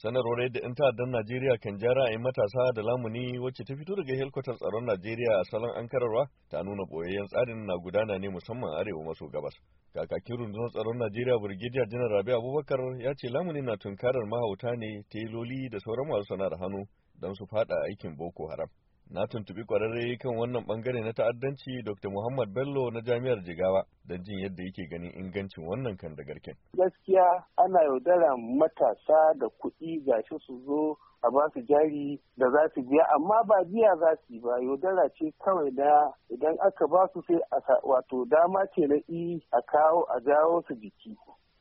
sanarwar yadda 'yan ta'addar Najeriya kan ja ra'ayin matasa da lamuni wacce ta fito daga helkwatar tsaron Najeriya a salon ankararwa ta nuna boyayyen tsarin na gudana ne musamman arewa maso gabas. Kakakin rundunar tsaron Najeriya Burgidiya Janar Rabi Abubakar ya ce lamuni na tunkarar mahauta ne, teloli da sauran masu sana'ar hannu don su fada aikin Boko Haram. na tuntubi kwararre kan wannan bangare na ta'addanci Dr. Muhammad Bello na Jami'ar Jigawa don jin yadda yake ganin ingancin wannan kan da garken. Gaskiya ana yaudara matasa da kuɗi gashi su zo a ba su jari da za su biya amma ba biya za su yi ba yaudara ce kawai da idan aka ba su sai wato dama ce na i a kawo a jawo su jiki.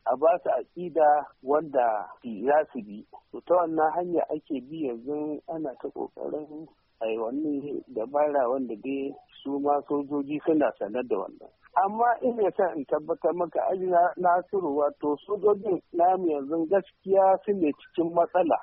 a ba su aƙida wanda za su bi. To ta wannan hanya ake bi yanzu ana ta ƙoƙarin ai wani dabara wanda dai su ma sojoji suna sanar da wannan amma ina sa in tabbatar maka na nasiru wato sojojin namu yanzu gaskiya su cikin matsala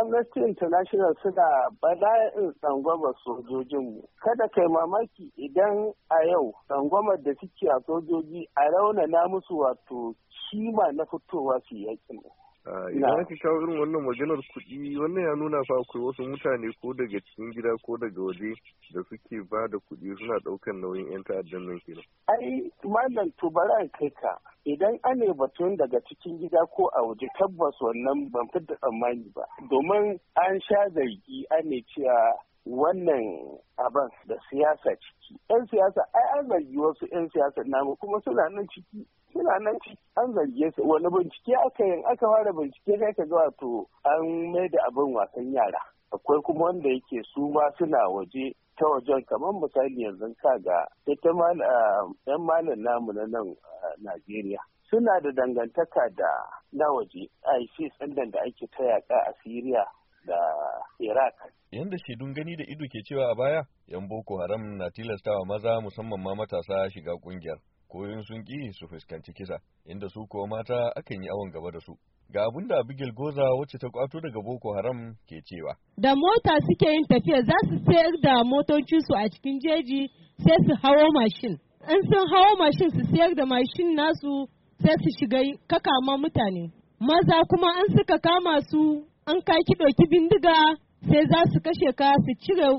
amnesty international suna bala'in tsangwamar sojojinmu kada kai mamaki idan a yau tsangwamar da suke a sojoji a rauna na musu wato kima na fitowa su yakin Ah, idan aka kawo irin wannan maganar kuɗi wannan ya nuna fa akwai wasu mutane ko daga cikin gida ko daga waje da suke ba da kuɗi suna ɗaukan nauyin 'yan ta'addan nan kenan. ai malam tubaran kai ka idan ane batun daga cikin gida ko a waje tabbas wannan ban fi da tsammani ba domin an sha zargi ane cewa wannan abin da siyasa ciki yan siyasa ai an zargi wasu yan siyasa namu kuma suna nan ciki suna nan ciki an zarge su wani bincike aka yin aka fara bincike sai ka ga wato an mai da abin wasan yara akwai kuma wanda yake su ma suna waje ta wajen kamar misali yanzu ga ita ah, yan malam namu na nan ah, Najeriya suna da dangantaka da na waje ISIS ɗin da ake ta yaƙa a Siriya iraq yanda shaidun gani da ido ke cewa a baya yan boko haram na tilastawa maza musamman ma matasa shiga kungiyar koyon sun ƙi su fuskanci kisa inda su kuwa mata akan yi awon gaba da su ga abin da Abigail Goza wacce ta kwato daga Boko Haram ke cewa. Da mota suke yin tafiya za su sayar da su a cikin jeji sai su hawo mashin. In sun hawo mashin su sayar da mashin nasu sai su shiga kakama mutane. Maza kuma an suka kama su an ka kiɗo bindiga sai za su kashe ka su cire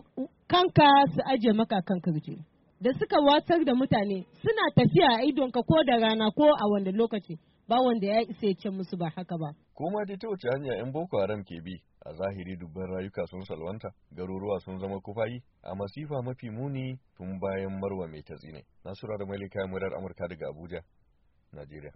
kanka su ajiye maka kan kirji da suka watsar da mutane suna tafiya a idonka ko da rana ko a wanda lokaci ba wanda ya isa ya ce musu ba haka ba kuma dai ta wace hanya yan boko haram ke bi a zahiri dubban rayuka sun salwanta garuruwa sun zama kufayi a masifa mafi muni tun bayan marwa mai tatsi ne nasura da malika murar amurka daga abuja najeriya